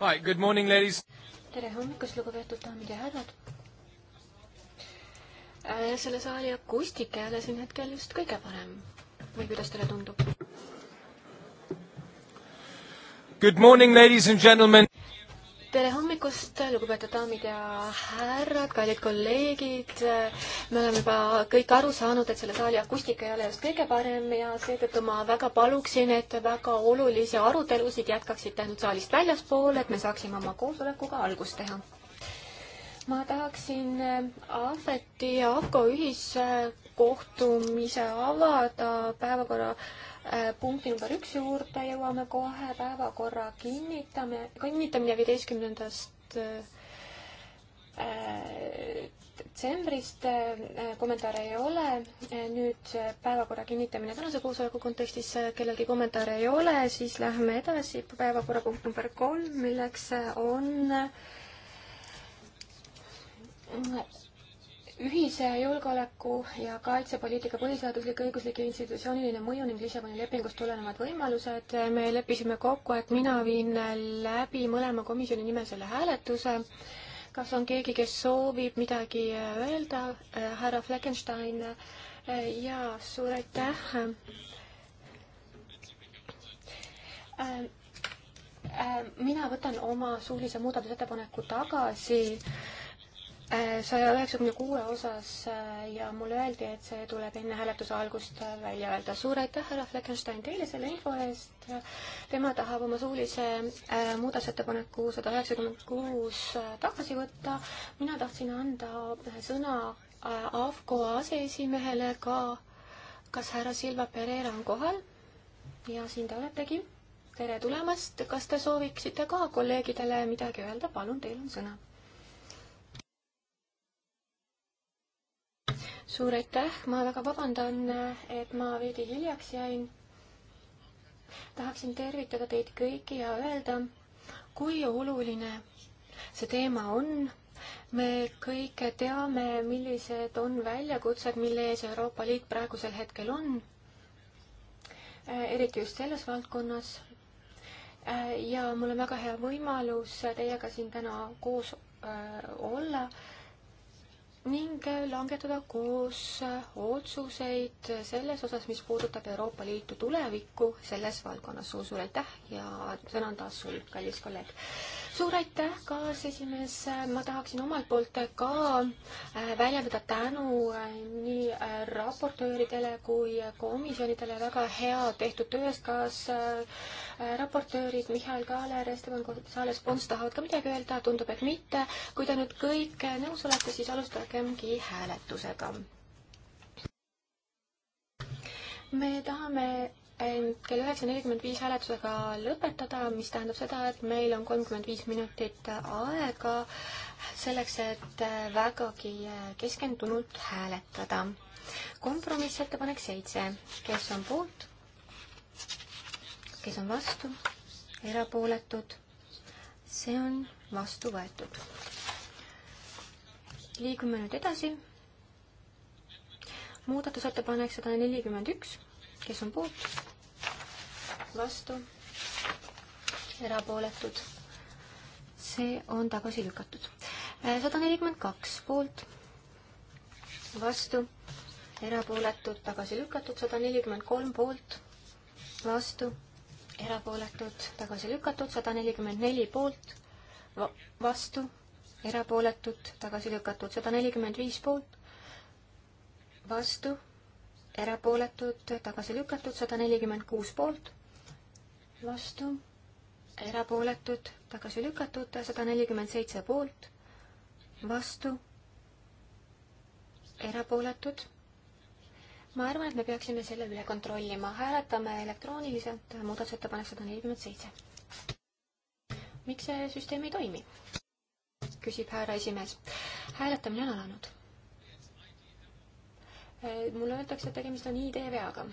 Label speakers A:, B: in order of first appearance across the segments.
A: Right, good morning, ladies. tere hommikust, lugupeetud daamid ja härrad. Äh, selle saali akustika ei ole siin hetkel just kõige parem või kuidas teile tundub? Good morning, ladies and gentlemen hommikust, lugupeetud daamid ja härrad, kallid kolleegid. me oleme juba kõik aru saanud, et selle saali akustika ei ole just kõige parem ja seetõttu ma väga paluksin, et väga olulisi arutelusid jätkaksite ainult saalist väljaspool, et me saaksime oma koosolekuga algust teha ma tahaksin Ahveti ja Ahko ühiskohtumise avada päevakorra äh, punkti number üks juurde jõuame kohe päevakorra kinnitame, kinnitamine viieteistkümnendast Äh, detsembrist äh, kommentaare ei ole. Äh, nüüd päevakorra kinnitamine tänase koosoleku kontekstis kellelgi kommentaare ei ole, siis läheme edasi päevakorrapunkt number kolm, milleks on ühise julgeoleku ja kaitsepoliitika põhiseaduslik õiguslik ja institutsiooniline mõju ning Lissaboni lepingust tulenevad võimalused. me leppisime kokku, et mina viin läbi mõlema komisjoni nimel selle hääletuse. kas on keegi, kes soovib midagi öelda? härra Fleckenstein. jaa, suur aitäh äh, äh, mina võtan oma suulise muudatusettepaneku tagasi saja üheksakümne kuue osas äh, ja mulle öeldi, et see tuleb enne hääletuse algust äh, välja öelda. suur aitäh, härra Fleckenstein, teile selle info eest. tema tahab oma suulise äh, muudatusettepaneku sada üheksakümmend kuus tagasi võtta. mina tahtsin anda sõna AFCO aseesimehele ka. kas härra Silva Pereira on kohal? ja siin te oletegi. tere tulemast. kas te sooviksite ka kolleegidele midagi öelda? palun, teil on sõna suur aitäh, ma väga vabandan, et ma veidi hiljaks jäin. tahaksin tervitada teid kõiki ja öelda, kui oluline see teema on me kõik teame, millised on väljakutsed, mille ees Euroopa Liit praegusel hetkel on, eriti just selles valdkonnas. ja mul on väga hea võimalus teiega siin täna koos äh, olla ning langetada koos otsuseid selles osas, mis puudutab Euroopa Liitu tulevikku selles valdkonnas. suur-suur aitäh ja sõna on taas sul, kallis kolleeg. suur aitäh, kaasesimees, ma tahaksin omalt poolt ka äh, väljendada tänu äh, nii äh, raportööridele kui komisjonidele väga hea tehtud töö eest, kas raportöörid Mihhail Kaaler, Esteban Gonzalez Pons tahavad ka midagi öelda, tundub, et mitte. kui te nüüd kõik nõus olete, siis alustage varemgi hääletusega. me tahame kell üheksa nelikümmend viis hääletusega lõpetada, mis tähendab seda, et meil on kolmkümmend viis minutit aega selleks, et vägagi keskendunult hääletada. kompromissettepanek seitse, kes on poolt, kes on vastu, erapooletud, see on vastu võetud liigume nüüd edasi. muudatusettepanek sada nelikümmend üks, kes on poolt, vastu, erapooletud. see on tagasi lükatud. Äh, sada nelikümmend kaks poolt, vastu, erapooletud, tagasi lükatud, sada nelikümmend kolm poolt, vastu, erapooletud, tagasi lükatud, sada nelikümmend neli poolt, vastu erapooletud, tagasi lükatud, sada nelikümmend viis poolt, vastu, erapooletud, tagasi lükatud, sada nelikümmend kuus poolt, vastu, erapooletud, tagasi lükatud, sada nelikümmend seitse poolt, vastu, erapooletud. ma arvan, et me peaksime selle üle kontrollima, hääletame elektrooniliselt muudatusettepanek sada nelikümmend seitse. miks see süsteem ei toimi? küsib härra esimees. hääletamine on alanud. mulle öeldakse, et tegemist on ID veaga.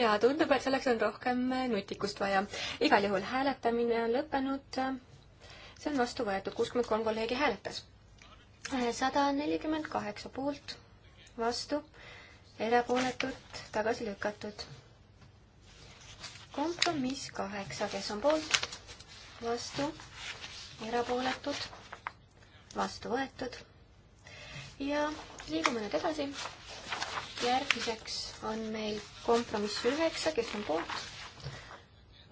A: ja tundub, et selleks on rohkem nutikust vaja. igal juhul hääletamine on lõppenud. see on vastu võetud, kuuskümmend kolm kolleegi hääletas. sada nelikümmend kaheksa poolt, vastu, erapooletut, tagasi lükatud. kompromiss kaheksa, kes on poolt, vastu, erapooletud, vastu võetud. ja liigume nüüd edasi järgmiseks on meil kompromiss üheksa, kes on poolt,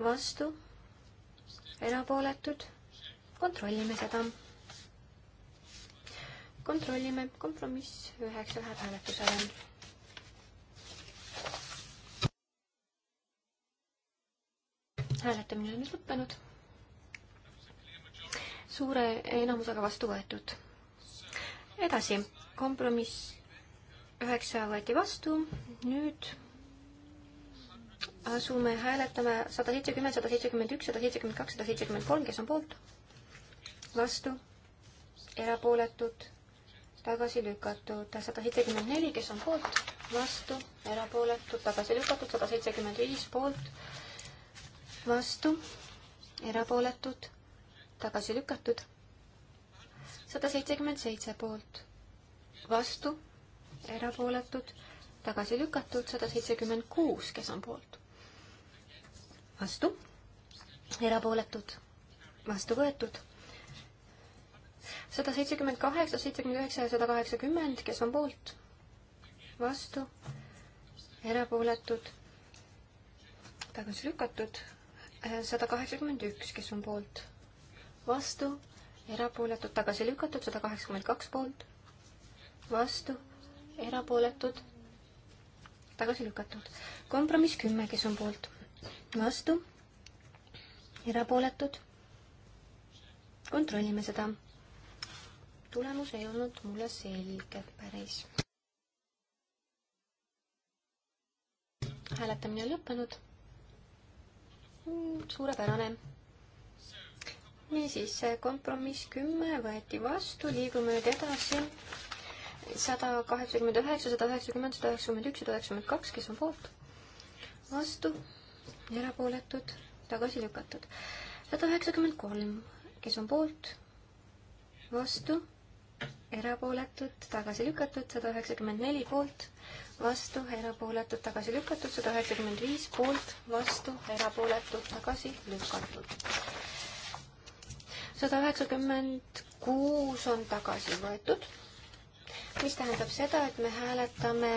A: vastu, erapooletud, kontrollime seda. kontrollime, kompromiss üheksa läheb hääletusele. hääletamine on nüüd lõppenud. suure enamusega vastu võetud. edasi, kompromiss üheksa võeti vastu, nüüd asume hääletama sada seitsekümmend, sada seitsekümmend üks, sada seitsekümmend kaks, sada seitsekümmend kolm, kes on poolt, vastu, erapooletud, tagasi lükatud, sada seitsekümmend neli, kes on poolt, vastu, erapooletud, tagasi lükatud, sada seitsekümmend viis poolt, vastu, erapooletud, tagasi lükatud, sada seitsekümmend seitse poolt, vastu erapooletud, tagasi lükatud, sada seitsekümmend kuus, kes on poolt? vastu, erapooletud, vastu võetud, sada seitsekümmend kaheksa, seitsekümmend üheksa ja sada kaheksakümmend, kes on poolt? vastu, erapooletud, tagasi lükatud, sada kaheksakümmend üks, kes on poolt? vastu, erapooletud, tagasi lükatud, sada kaheksakümmend kaks poolt, vastu erapooletud, tagasi lükatud. kompromiss kümme, kes on poolt, vastu, erapooletud. kontrollime seda. tulemus ei olnud mulle selge päris. hääletamine on lõppenud. Hmm, suurepärane niisiis, kompromiss kümme võeti vastu, liigume nüüd edasi sada kaheksakümmend üheksa, sada üheksakümmend, sada üheksakümmend üks, sada üheksakümmend kaks, kes on poolt, vastu, erapooletud, tagasi lükatud. sada üheksakümmend kolm, kes on poolt, vastu, erapooletud, tagasi lükatud, sada üheksakümmend neli poolt, vastu, erapooletud, tagasi lükatud, sada üheksakümmend viis poolt, vastu, erapooletud, tagasi lükatud. sada üheksakümmend kuus on tagasi võetud mis tähendab seda, et me hääletame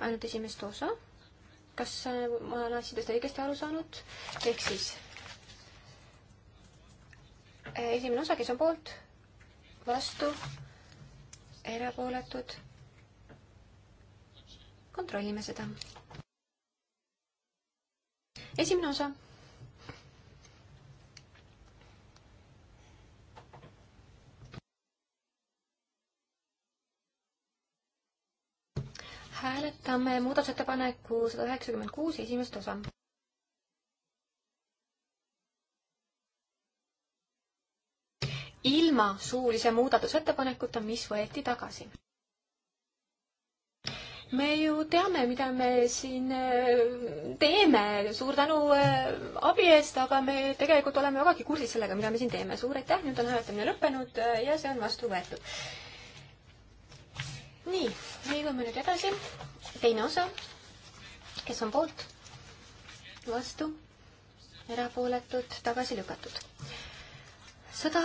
A: ainult esimest osa. kas äh, ma olen asjadest õigesti aru saanud? ehk siis äh, esimene osa, kes on poolt, vastu, erapooletud. kontrollime seda. esimene osa hääletame muudatusettepaneku sada üheksakümmend kuus esimest osa. ilma suulise muudatusettepanekuta, mis võeti tagasi. me ju teame, mida me siin äh, teeme, suur tänu äh, abi eest, aga me tegelikult oleme vägagi kursis sellega, mida me siin teeme. suur aitäh, nüüd on hääletamine lõppenud äh, ja see on vastu võetud nii, liigume nüüd edasi. teine osa. kes on poolt? vastu? erapooletud, tagasi lükatud. sada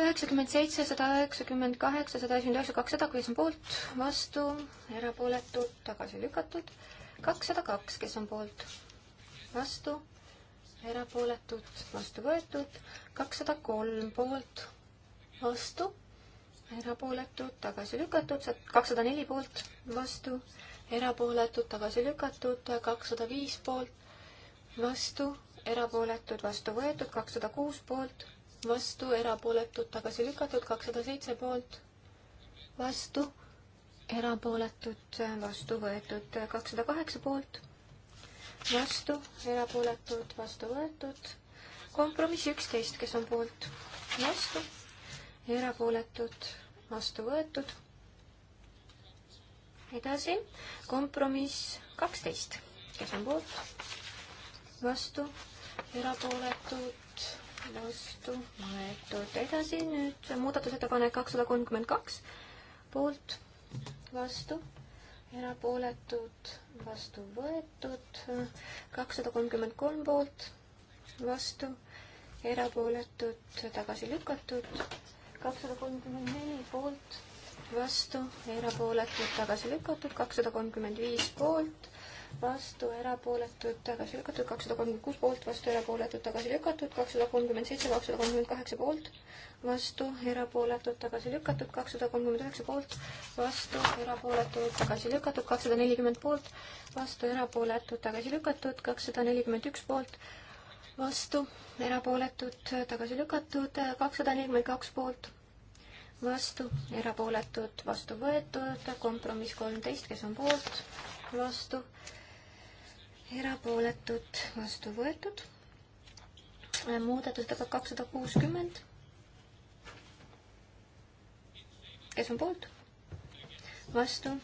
A: üheksakümmend seitse, sada üheksakümmend kaheksa, sada üheksakümmend üheksa, kakssada, kes on poolt, vastu, erapooletud, tagasi lükatud. kakssada kaks, kes on poolt, vastu, erapooletud, vastu võetud. kakssada kolm poolt, vastu erapooletud, tagasi lükatud, kakssada neli poolt, vastu, erapooletud, tagasi lükatud, kakssada viis poolt, vastu, erapooletud, vastu võetud, kakssada kuus poolt, vastu, erapooletud, tagasi lükatud, kakssada seitse poolt, vastu, erapooletud, vastu võetud, kakssada kaheksa poolt, vastu, erapooletud, vastu võetud, kompromiss üksteist, kes on poolt, vastu erapooletud, vastu võetud. edasi, kompromiss kaksteist, kes on poolt, vastu, erapooletud, vastu võetud. edasi nüüd muudatusettepanek kakssada kolmkümmend kaks, poolt, vastu erapooletud, vastu võetud, kakssada kolmkümmend kolm poolt, vastu, erapooletud, tagasi lükatud, kakssada kolmkümmend neli poolt, vastu, erapooletud, tagasi lükatud, kakssada kolmkümmend viis poolt, vastu, erapooletud, tagasi lükatud, kakssada kolmkümmend kuus poolt, vastu, erapooletud, tagasi lükatud, kakssada kolmkümmend seitse, kakssada kolmkümmend kaheksa poolt, vastu, erapooletud, tagasi lükatud, kakssada kolmkümmend üheksa poolt, vastu, erapooletud, tagasi lükatud, kakssada nelikümmend poolt, vastu, erapooletud, tagasi lükatud, kakssada nelikümmend üks poolt, vastu, erapooletud, tagasi lükatud, kakssada nelikümmend kaks poolt vastu, erapooletud, vastu võetud, kompromiss kolmteist, kes on poolt, vastu, erapooletud, vastu võetud, muudatusega kakssada kuuskümmend, kes on poolt, vastu,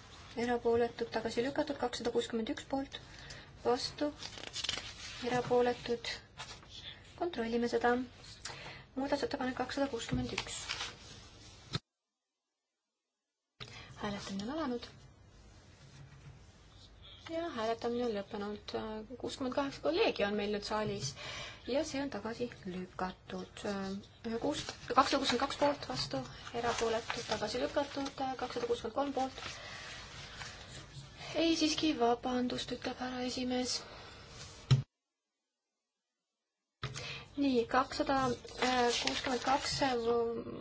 A: erapooletud, tagasi lükatud, kakssada kuuskümmend üks poolt, vastu, erapooletud, kontrollime seda, muudatusettepanek kakssada kuuskümmend üks hääletamine on alanud. ja hääletamine on lõppenud. kuuskümmend kaheksa kolleegi on meil nüüd saalis ja see on tagasi lükatud. kuus, kakssada kuuskümmend kaks poolt vastu, erapooletud tagasi lükatud, kakssada kuuskümmend kolm poolt. ei, siiski vabandust, ütleb härra esimees. nii, kakssada kuuskümmend kaks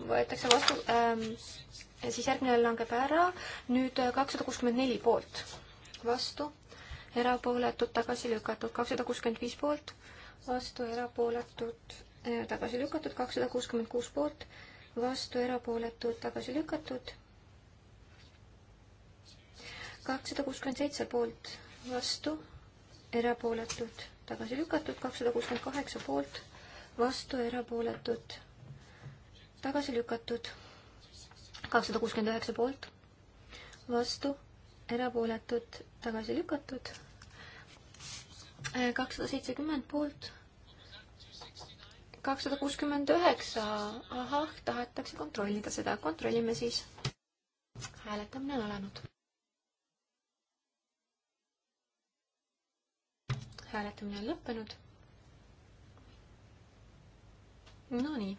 A: võetakse vastu ähm, siis järgmine langeb ära, nüüd äh, kakssada kuuskümmend neli poolt, vastu, erapooletud, tagasi lükatud, kakssada kuuskümmend viis poolt, vastu, erapooletud, äh, tagasi lükatud, kakssada kuuskümmend kuus poolt, vastu, erapooletud, tagasi lükatud, kakssada kuuskümmend seitse poolt, vastu, erapooletud, tagasi lükatud, kakssada kuuskümmend kaheksa poolt, vastu, erapooletud, tagasi lükatud kakssada kuuskümmend üheksa poolt, vastu, erapooletud, tagasi lükatud. kakssada seitsekümmend poolt, kakssada kuuskümmend üheksa, ahah, tahetakse kontrollida seda, kontrollime siis. hääletamine on alanud. hääletamine on lõppenud. Nonii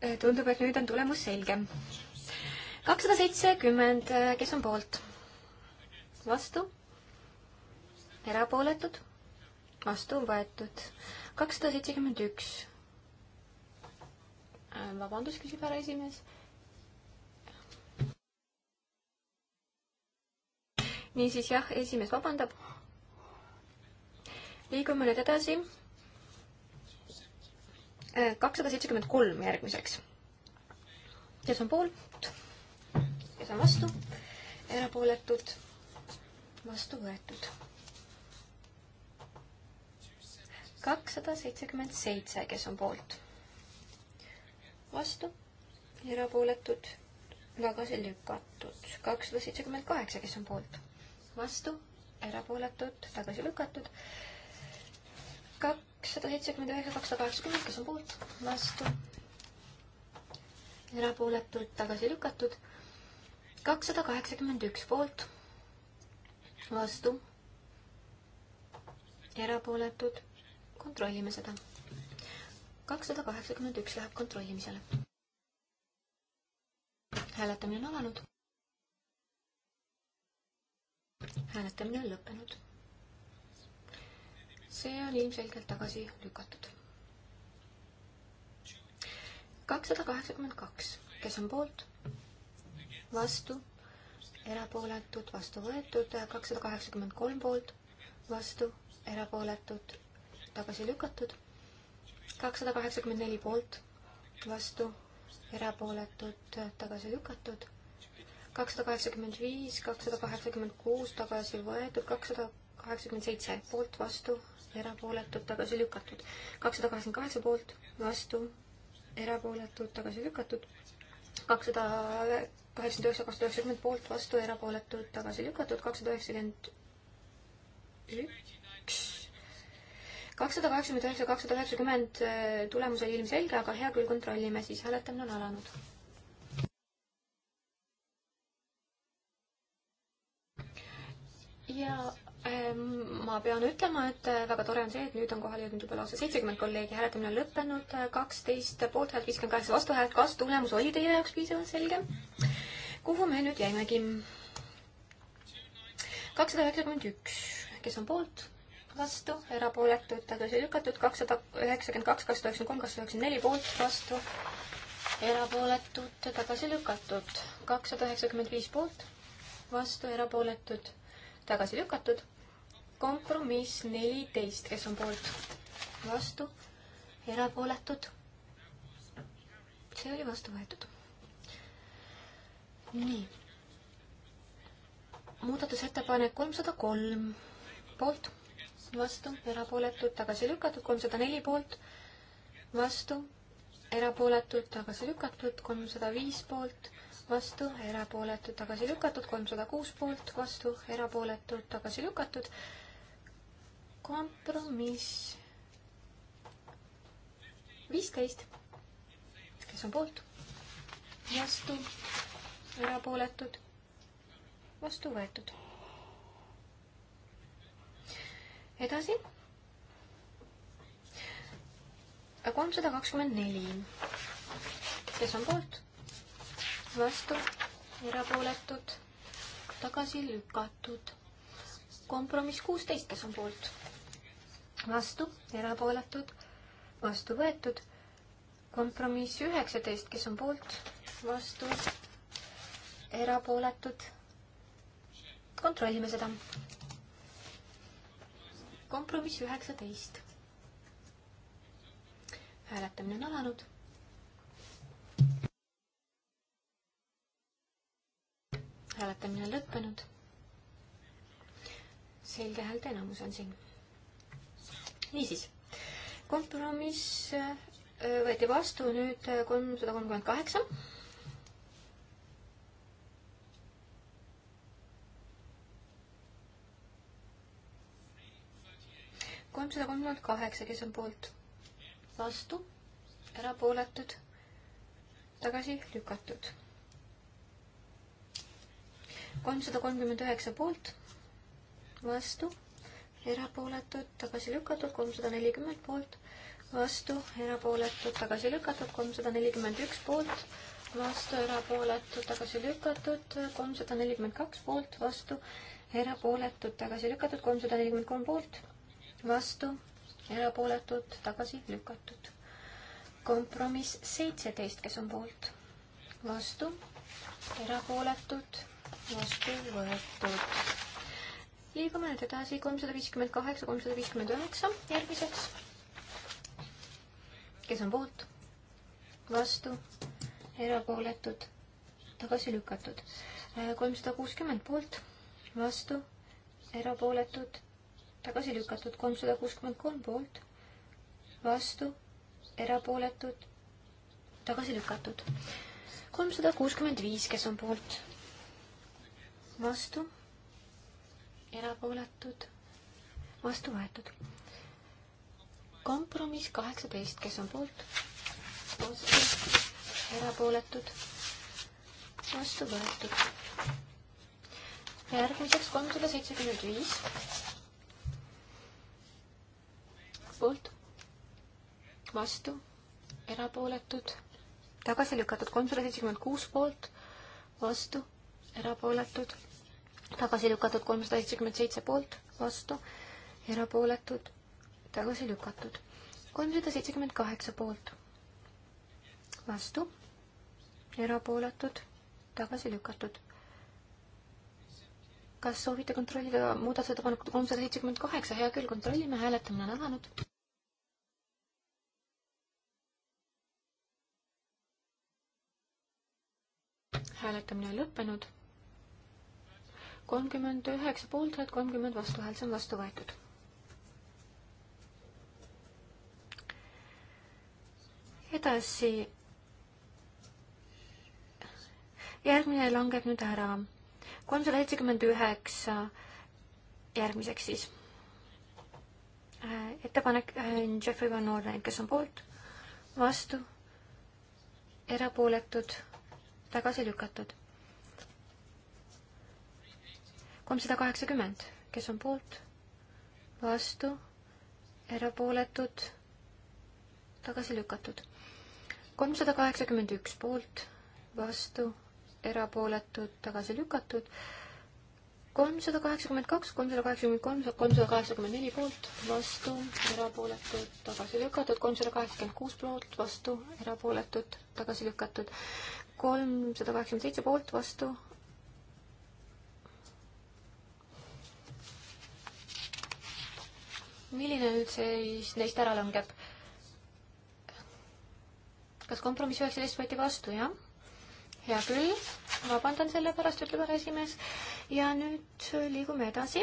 B: Äh, tundub, et nüüd on tulemus
A: selgem. kakssada seitsekümmend, äh, kes on poolt? vastu? erapooletud? vastu võetud. kakssada seitsekümmend üks. Äh, vabandust, küsib härra esimees niisiis jah, esimees vabandab. liigume nüüd edasi kakssada seitsekümmend kolm järgmiseks. kes on poolt, kes on vastu, erapooletud, vastu võetud. kakssada seitsekümmend seitse, kes on poolt, vastu, erapooletud, tagasi lükatud. kakssada seitsekümmend kaheksa, kes on poolt, vastu, erapooletud, tagasi lükatud. kak-, kakssada seitsekümmend üheksa, kakssada kaheksakümmend, kes on poolt, vastu, erapooletult tagasi lükatud. kakssada kaheksakümmend üks poolt, vastu, erapooletud, kontrollime seda. kakssada kaheksakümmend üks läheb kontrollimisele. hääletamine on alanud. hääletamine on lõppenud see on ilmselgelt tagasi lükatud. kakssada kaheksakümmend kaks, kes on poolt, vastu, erapooletud, vastu võetud, kakssada kaheksakümmend kolm poolt, vastu, erapooletud, tagasi lükatud, kakssada kaheksakümmend neli poolt, vastu, erapooletud, tagasi lükatud kakssada kaheksakümmend viis, kakssada kaheksakümmend kuus tagasi võetud, kakssada kaheksakümmend seitse poolt vastu, erapooletud, tagasi lükatud. kakssada kaheksakümmend kaheksa poolt, vastu, erapooletud, tagasi lükatud. kakssada kaheksakümmend üheksa, kakssada üheksakümmend poolt, vastu, erapooletud, tagasi lükatud. kakssada üheksakümmend üks kakssada kaheksakümmend üheksa, kakssada üheksakümmend eh, tulemus oli ilmselge, aga hea küll, kontrollime siis, hääletamine on alanud. ja Ehm, ma pean ütlema, et äh, väga tore on see, et nüüd on kohale jõudnud juba lausa seitsekümmend kolleegi, hääletamine on lõppenud, äh, kaksteist poolthäält, viiskümmend kaheksa vastuhäält, kas tulemus oli teie jaoks piisavalt selge? kuhu me nüüd jäimegi? kakssada üheksakümmend üks, kes on poolt, vastu, erapooletud, tagasi lükatud, kakssada üheksakümmend kaks, kakssada üheksakümmend kolm, kakssada üheksakümmend neli poolt, vastu, erapooletud, tagasi lükatud, kakssada üheksakümmend viis poolt, vastu, erapooletud tagasi lükatud. kompromiss neliteist, kes on poolt, vastu, erapooletud. see oli vastu võetud. nii. muudatusettepanek kolmsada kolm, poolt, vastu, erapooletud, tagasi lükatud, kolmsada neli poolt, vastu, erapooletud, tagasi lükatud, kolmsada viis poolt vastu, erapooletud, tagasi lükatud, kolmsada kuus poolt, vastu, erapooletud, tagasi lükatud. kompromiss viisteist, kes on poolt, vastu, erapooletud, vastu võetud. edasi. kolmsada kakskümmend neli, kes on poolt vastu, erapooletud, tagasi lükatud. kompromiss kuusteist, kes on poolt? vastu, erapooletud, vastu võetud. kompromiss üheksateist, kes on poolt? vastu, erapooletud. kontrollime seda. kompromiss üheksateist. hääletamine on alanud hääletamine on lõppenud. selge häälte enamus on siin. niisiis, kompromiss äh, võeti vastu nüüd äh, kolmsada kolmkümmend kaheksa. kolmsada kolmkümmend kaheksa, kes on poolt, vastu, erapooletud, tagasi lükatud kolmsada kolmkümmend üheksa poolt, vastu, erapooletud, tagasi lükatud, kolmsada nelikümmend poolt, vastu, erapooletud, tagasi lükatud, kolmsada nelikümmend üks poolt, vastu, erapooletud, tagasi lükatud, kolmsada nelikümmend kaks poolt, vastu, erapooletud, tagasi lükatud, kolmsada nelikümmend kolm poolt, vastu, erapooletud, tagasi lükatud. kompromiss seitseteist, kes on poolt, vastu, erapooletud, vastu võetud. liigume nüüd edasi kolmsada viiskümmend kaheksa, kolmsada viiskümmend üheksa järgmiseks. kes on poolt? vastu? erapooletud? tagasi lükatud. kolmsada kuuskümmend poolt, vastu, erapooletud, tagasi lükatud. kolmsada kuuskümmend kolm poolt, vastu, erapooletud, tagasi lükatud. kolmsada kuuskümmend viis, kes on poolt, vastu, erapooletud, vastu võetud. kompromiss kaheksateist, kes on poolt, vastu, erapooletud, vastu võetud. järgmiseks kolmsada seitsekümmend viis. poolt, vastu, erapooletud, tagasi lükatud kolmsada seitsekümmend kuus poolt, vastu, erapooletud tagasi lükatud kolmsada seitsekümmend seitse poolt, vastu, erapooletud, tagasi lükatud. kolmsada seitsekümmend kaheksa poolt, vastu, erapooletud, tagasi lükatud. kas soovite kontrollida muudatusettepanekut kolmsada seitsekümmend kaheksa, hea küll, kontrollime, hääletamine on alanud. hääletamine on lõppenud kolmkümmend üheksa poolthäält, kolmkümmend vastuhäält, see on vastu võetud. edasi. järgmine langeb nüüd ära. kolmsada seitsekümmend üheksa järgmiseks siis. Äh, ettepanek äh, Jeffrey Van Orden, kes on poolt, vastu, erapooletud, tagasi lükatud kolmsada kaheksakümmend, kes on poolt, vastu, erapooletud, tagasi lükatud. kolmsada kaheksakümmend üks poolt, vastu, erapooletud, tagasi lükatud. kolmsada kaheksakümmend kaks, kolmsada kaheksakümmend kolm, kolmsada kaheksakümmend neli poolt, vastu, erapooletud, tagasi lükatud. kolmsada kaheksakümmend kuus poolt, vastu, erapooletud, tagasi lükatud. kolmsada kaheksakümmend seitse poolt, vastu, milline nüüd see neist ära langeb? kas kompromiss üheksateist võeti vastu, jah? hea küll, vabandan selle pärast, ütleb härra esimees. ja nüüd liigume edasi.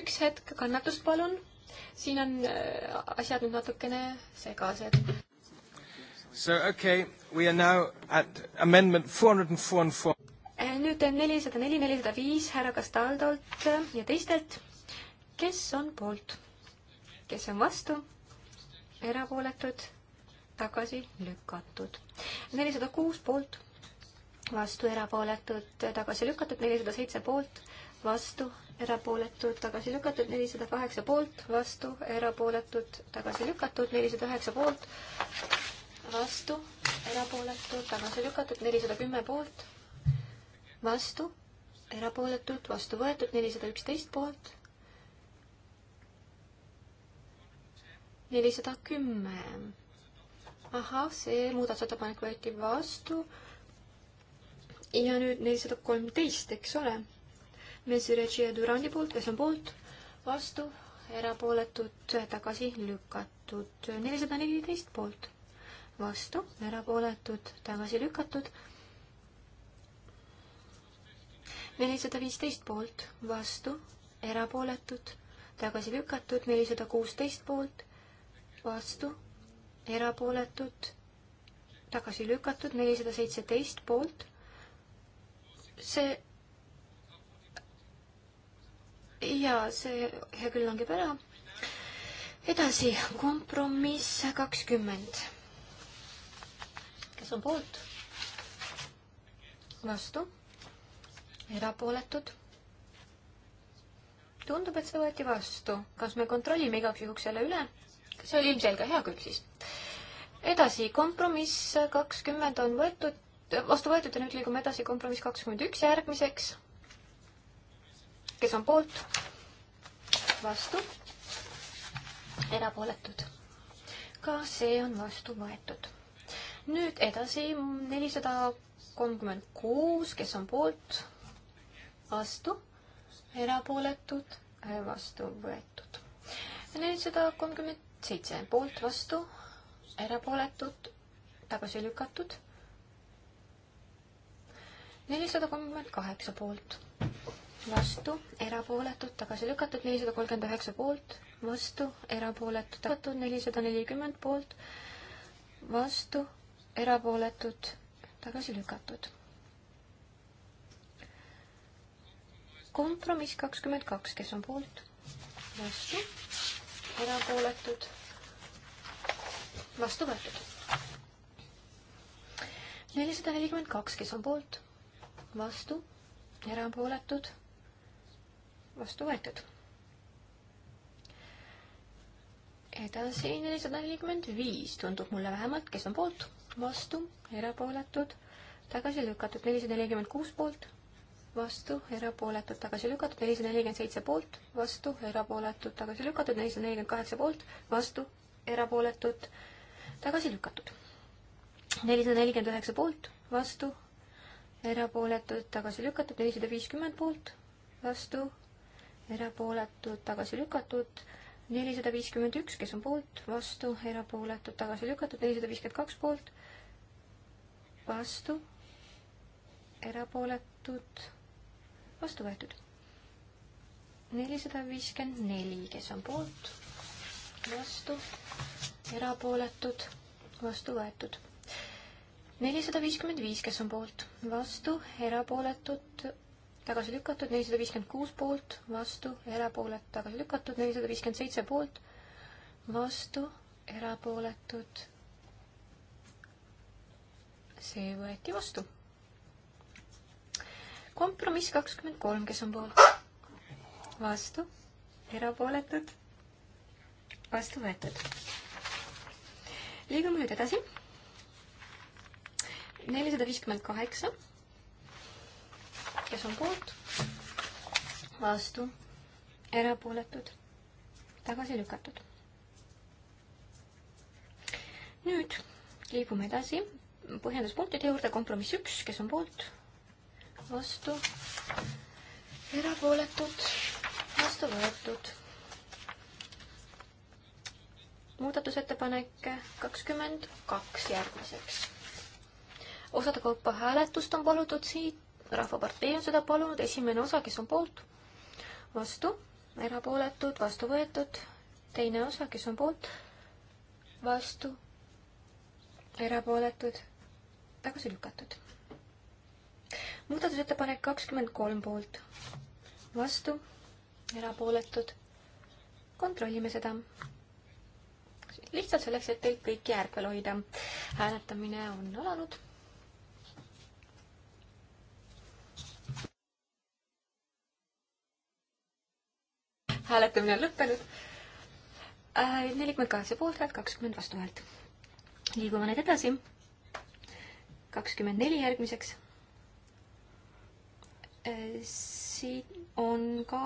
A: üks hetk kannatust, palun. siin on äh, asjad nüüd natukene segased. So okay, we are now at amendment four hundred and four and four nüüd nelisada neli, nelisada viis härra Castaldolt ja teistelt. kes on poolt? kes on vastu? erapooletud? tagasi lükatud. nelisada kuus poolt, vastu erapooletud, tagasi lükatud, nelisada seitse poolt, vastu erapooletud, tagasi lükatud, nelisada kaheksa poolt, vastu erapooletud, tagasi lükatud, nelisada üheksa poolt, vastu erapooletud, tagasi lükatud, nelisada kümme poolt, vastu, erapooletult vastu võetud, nelisada üksteist poolt, nelisada kümme. ahah, see muudatusettepanek võeti vastu. ja nüüd nelisada kolmteist, eks ole. Mesiretši ja Durandi poolt, kes on poolt, vastu, erapooletud, tagasi lükatud. nelisada neliteist poolt, vastu, erapooletud, tagasi lükatud nelisada viisteist poolt, vastu, erapooletud, tagasi lükatud, nelisada kuusteist poolt, vastu, erapooletud, tagasi lükatud, nelisada seitseteist poolt. see ja see hea küll langeb ära. edasi kompromiss kakskümmend. kes on poolt? vastu erapooletud. tundub, et see võeti vastu. kas me kontrollime igaks juhuks selle üle? see oli ilmselge, hea küll siis. edasi, kompromiss kakskümmend on võetud, vastu võetud ja nüüd liigume edasi kompromiss kakskümmend üks järgmiseks. kes on poolt? vastu? erapooletud. ka see on vastu võetud. nüüd edasi nelisada kolmkümmend kuus, kes on poolt? vastu, erapooletud, äh, vastu võetud. nelisada kolmkümmend seitse poolt, vastu, erapooletud, tagasi lükatud. nelisada kolmkümmend kaheksa poolt, vastu, erapooletud, tagasi lükatud, nelisada kolmkümmend üheksa poolt, vastu, erapooletud, tagatud, nelisada nelikümmend poolt, vastu, erapooletud, tagasi lükatud kompromiss kakskümmend kaks, kes on poolt, vastu, erapooletud, vastu võetud. nelisada nelikümmend kaks, kes on poolt, vastu, erapooletud, vastu võetud. edasi nelisada nelikümmend viis, tundub mulle vähemalt, kes on poolt, vastu, erapooletud, tagasi lükatud, nelisada nelikümmend kuus poolt vastu, erapooletud, tagasi lükatud, nelisada nelikümmend seitse poolt, vastu, erapooletud, tagasi lükatud, nelisada nelikümmend kaheksa poolt, vastu, erapooletud, tagasi lükatud. nelisada nelikümmend üheksa poolt, vastu, erapooletud, tagasi lükatud, nelisada viiskümmend poolt, vastu, erapooletud, tagasi lükatud, nelisada viiskümmend üks, kes on poolt, vastu, erapooletud, tagasi lükatud, nelisada viiskümmend kaks poolt, vastu, erapooletud vastu võetud. nelisada viiskümmend neli, kes on poolt, vastu, erapooletud, vastu võetud. nelisada viiskümmend viis, kes on poolt, vastu, erapooletud, tagasi lükatud, nelisada viiskümmend kuus poolt, vastu, erapooletud, tagasi lükatud, nelisada viiskümmend seitse poolt, vastu, erapooletud. see võeti vastu kompromiss kakskümmend kolm, kes on poolt? vastu, erapooletud, vastu võetud. liigume nüüd edasi. nelisada viiskümmend kaheksa. kes on poolt? vastu, erapooletud, tagasi lükatud. nüüd liigume edasi põhjenduspunktide juurde, kompromiss üks, kes on poolt, vastu, erapooletud, vastu võetud. muudatusettepanek kakskümmend kaks järgmiseks. osade kaupa hääletust on palutud siit, Rahvapartei on seda palunud, esimene osa, kes on poolt, vastu, erapooletud, vastu võetud, teine osa, kes on poolt, vastu, erapooletud, tagasi lükatud muudatusettepanek kakskümmend kolm poolt, vastu, erapooletud. kontrollime seda. lihtsalt selleks, et teid kõiki ärkvel hoida. hääletamine on alanud. hääletamine on lõppenud. Äh, nelikümmend kaheksa poolthäält, kakskümmend vastuhäält. liigume nüüd edasi. kakskümmend neli järgmiseks siin on ka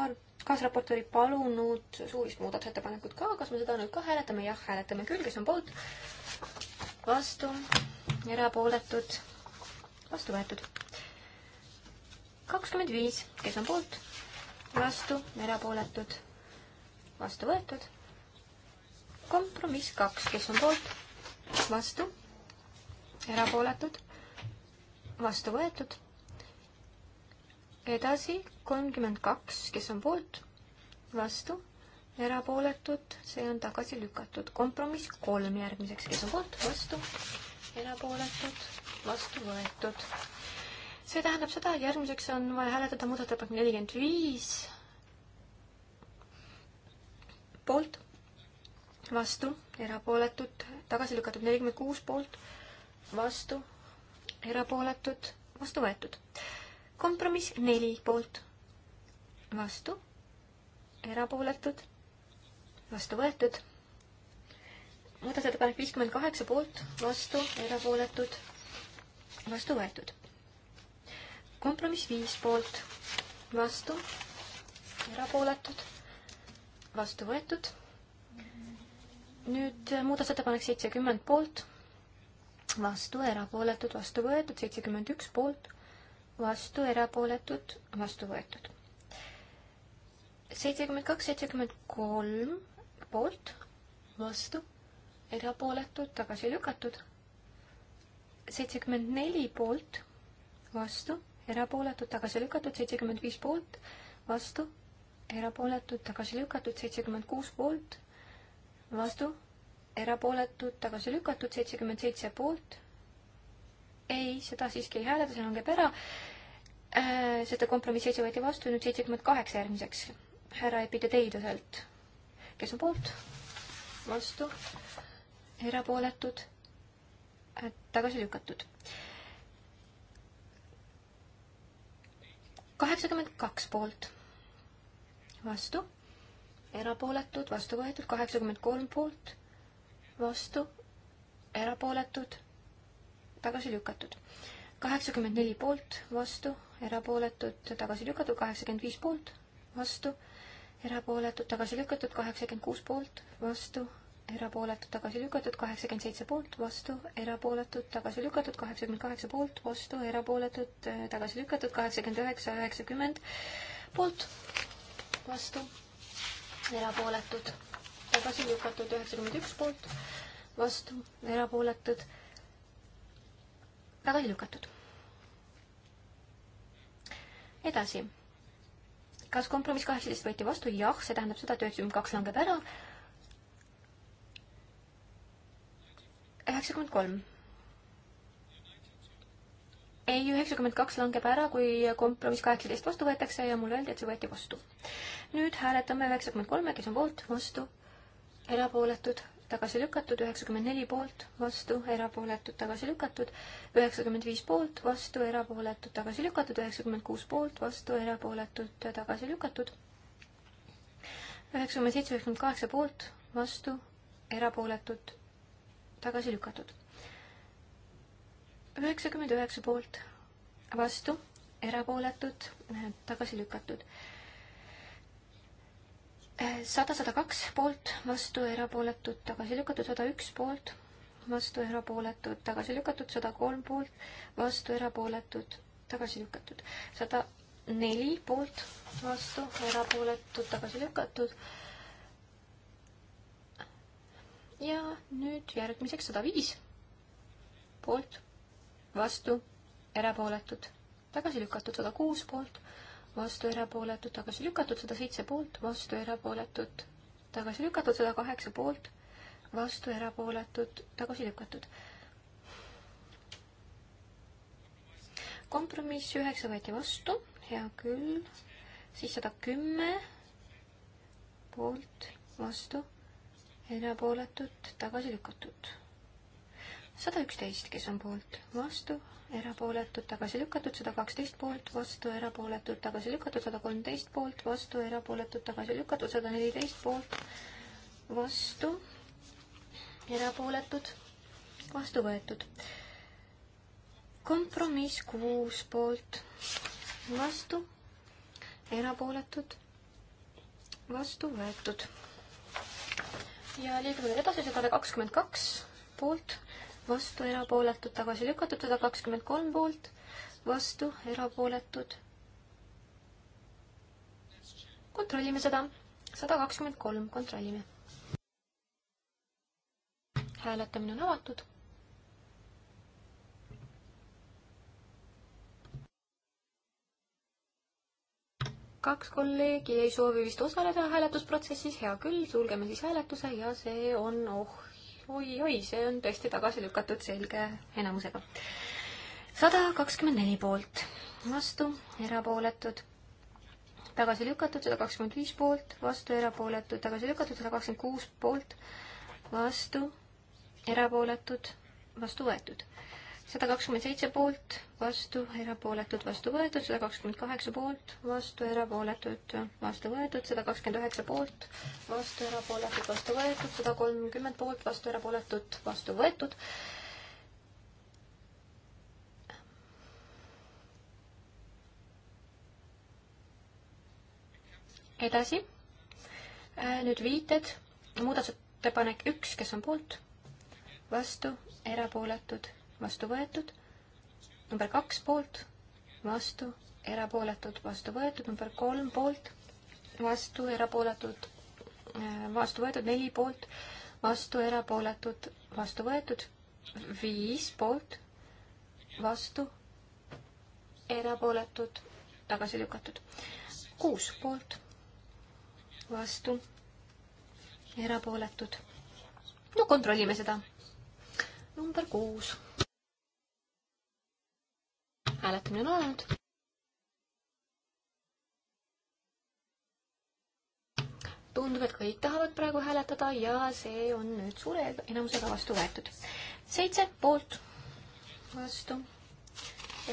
A: kaasraportööri palunud suulist muudatusettepanekut ka, kas me seda nüüd ka hääletame? jah, hääletame küll, kes on poolt? vastu, erapooletud, vastu võetud. kakskümmend viis, kes on poolt? vastu, erapooletud, vastu võetud. kompromiss kaks, kes on poolt? vastu, erapooletud, vastu võetud edasi kolmkümmend kaks, kes on poolt, vastu, erapooletud, see on tagasi lükatud. kompromiss kolm järgmiseks, kes on poolt, vastu, erapooletud, vastu võetud. see tähendab seda, et järgmiseks on vaja hääletada muudatusettepanek nelikümmend viis poolt, vastu, erapooletud, tagasi lükatud nelikümmend kuus poolt, vastu, erapooletud, vastu võetud kompromiss neli poolt, vastu, erapooletud, vastu võetud. muudatusettepanek viiskümmend kaheksa poolt, vastu, erapooletud, vastu võetud. kompromiss viis poolt, vastu, erapooletud, vastu võetud. nüüd muudatusettepanek seitsekümmend poolt, vastu, erapooletud, vastu võetud, seitsekümmend üks poolt vastu, erapooletud, vastu võetud. seitsekümmend kaks, seitsekümmend kolm poolt, vastu, erapooletud, tagasi lükatud. seitsekümmend neli poolt, vastu, erapooletud, tagasi lükatud, seitsekümmend viis poolt, vastu, erapooletud, tagasi lükatud, seitsekümmend kuus poolt, vastu, erapooletud, tagasi lükatud, seitsekümmend seitse poolt. ei, seda siiski ei hääleta, see langeb ära. Äh, seda kompromissi võeti vastu nüüd seitsekümmend kaheksa järgmiseks härra Epideteidoselt. kes on poolt? vastu? erapooletud? Äh, tagasi lükatud. kaheksakümmend kaks poolt. vastu? erapooletud, vastu võetud, kaheksakümmend kolm poolt, vastu, erapooletud, tagasi lükatud. kaheksakümmend neli poolt, vastu, erapooletud, tagasi lükatud, kaheksakümmend viis poolt, vastu, erapooletud, tagasi lükatud, kaheksakümmend kuus poolt, vastu, erapooletud, tagasi lükatud, kaheksakümmend seitse poolt, vastu, erapooletud, tagasi lükatud, kaheksakümmend kaheksa poolt, vastu, erapooletud, tagasi lükatud, kaheksakümmend üheksa, üheksakümmend poolt, vastu, erapooletud, tagasi lükatud, üheksakümmend üks poolt, vastu, erapooletud, tagasi lükatud edasi. kas kompromiss kaheksateist võeti vastu? jah, see tähendab seda, et üheksakümmend kaks langeb ära. üheksakümmend kolm. ei, üheksakümmend kaks langeb ära, kui kompromiss kaheksateist vastu võetakse ja mulle öeldi, et see võeti vastu. nüüd hääletame üheksakümmend kolme, kes on poolt, vastu, erapooletud, tagasi lükatud, üheksakümmend neli poolt, vastu, erapooletud, tagasi lükatud, üheksakümmend viis poolt, vastu, erapooletud, tagasi lükatud, üheksakümmend kuus poolt, vastu, erapooletud, tagasi lükatud, üheksakümmend seitse, üheksakümmend kaheksa poolt, vastu, erapooletud, tagasi lükatud. üheksakümmend üheksa poolt, vastu, erapooletud, tagasi lükatud sada, sada kaks poolt, vastu, erapooletud, tagasi lükatud, sada üks poolt, vastu, erapooletud, tagasi lükatud, sada kolm poolt, vastu, erapooletud, tagasi lükatud, sada neli poolt, vastu, erapooletud, tagasi lükatud. ja nüüd järgmiseks sada viis poolt, vastu, erapooletud, tagasi lükatud, sada kuus poolt vastu erapooletud, tagasi lükatud, sada seitse poolt, vastu erapooletud, tagasi lükatud, sada kaheksa poolt, vastu erapooletud, tagasi lükatud. kompromiss üheksa võeti vastu, hea küll, siis sada kümme poolt, vastu, erapooletud, tagasi lükatud sada üksteist, kes on poolt, vastu, erapooletud, tagasi lükatud, sada kaksteist poolt, vastu, erapooletud, tagasi lükatud, sada kolmteist poolt, vastu, erapooletud, tagasi lükatud, sada neliteist poolt, vastu, erapooletud, vastu võetud. kompromiss kuus poolt, vastu, erapooletud, vastu võetud. ja liigume nüüd edasi, sada kakskümmend kaks poolt vastu, erapooletud, tagasi lükatud, sada kakskümmend kolm poolt, vastu, erapooletud. kontrollime seda, sada kakskümmend kolm, kontrollime. hääletamine on avatud. kaks kolleegi ei soovi vist osaleda hääletusprotsessis, hea küll, sulgeme siis hääletuse ja see on oh oi-oi, see on tõesti tagasi lükatud selge enamusega. sada kakskümmend neli poolt, vastu, erapooletud, tagasi lükatud, sada kakskümmend viis poolt, vastu, erapooletud, tagasi lükatud, sada kakskümmend kuus poolt, vastu, erapooletud, vastu võetud sada kakskümmend seitse poolt, vastu, erapooletud, vastu võetud, sada kakskümmend kaheksa poolt, vastu, erapooletud, vastu võetud, sada kakskümmend üheksa poolt, vastu, erapooletud, vastu võetud, sada kolmkümmend poolt, vastu, erapooletud, vastu võetud. edasi, äh, nüüd viited, muudatusettepanek üks, kes on poolt, vastu, erapooletud vastu võetud. number kaks poolt, vastu, erapooletud, vastu võetud, number kolm poolt, vastu, erapooletud, äh, vastu võetud, neli poolt, vastu, erapooletud, vastu võetud, viis poolt, vastu, erapooletud, tagasi lükatud, kuus poolt, vastu, erapooletud. no kontrollime seda. number kuus hääletamine on alanud. tundub, et kõik tahavad praegu hääletada ja see on nüüd suure enamusega vastu võetud. seitse poolt, vastu,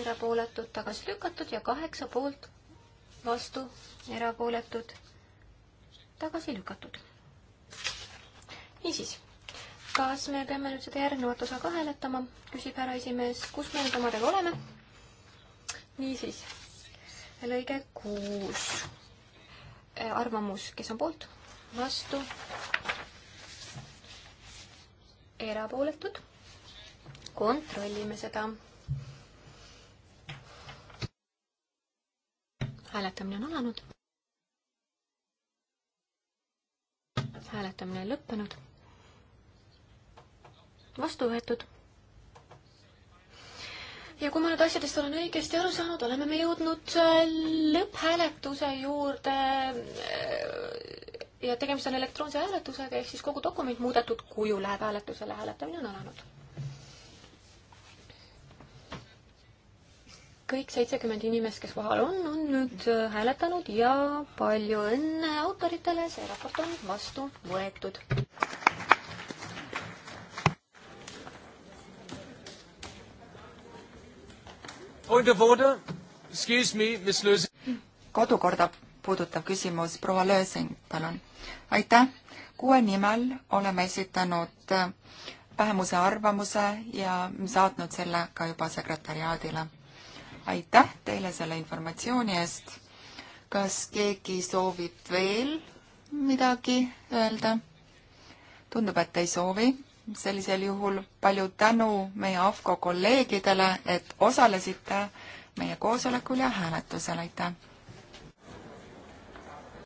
A: erapooletud, tagasi lükatud ja kaheksa poolt, vastu, erapooletud, tagasi lükatud. niisiis kas me peame nüüd seda järgnevat osa ka hääletama, küsib härra esimees, kus me nüüd omadega oleme? niisiis, lõige kuus. Äh, arvamus, kes on poolt, vastu, erapooletud. kontrollime seda. hääletamine on alanud. hääletamine lõppenud. vastu võetud ja kui ma nüüd asjadest olen õigesti aru saanud, oleme me jõudnud äh, lõpphääletuse juurde äh, ja tegemist on elektroonse hääletusega, ehk siis kogu dokument muudetud kujul läheb hääletusele, hääletamine on alanud. kõik seitsekümmend inimest, kes kohal on, on nüüd äh, hääletanud ja palju õnne autoritele, see raport on vastu võetud. Point of order. Excuse me, Miss Lösing. kodukorda puudutav küsimus, proua Lösing, palun. aitäh. kuue nimel oleme esitanud äh, vähemuse arvamuse ja saatnud selle ka juba sekretäriaadile. aitäh teile selle informatsiooni eest. kas keegi soovib veel midagi öelda? tundub, et ei soovi sellisel juhul palju tänu meie AFCO kolleegidele, et osalesite meie koosolekul ja hääletusel, aitäh!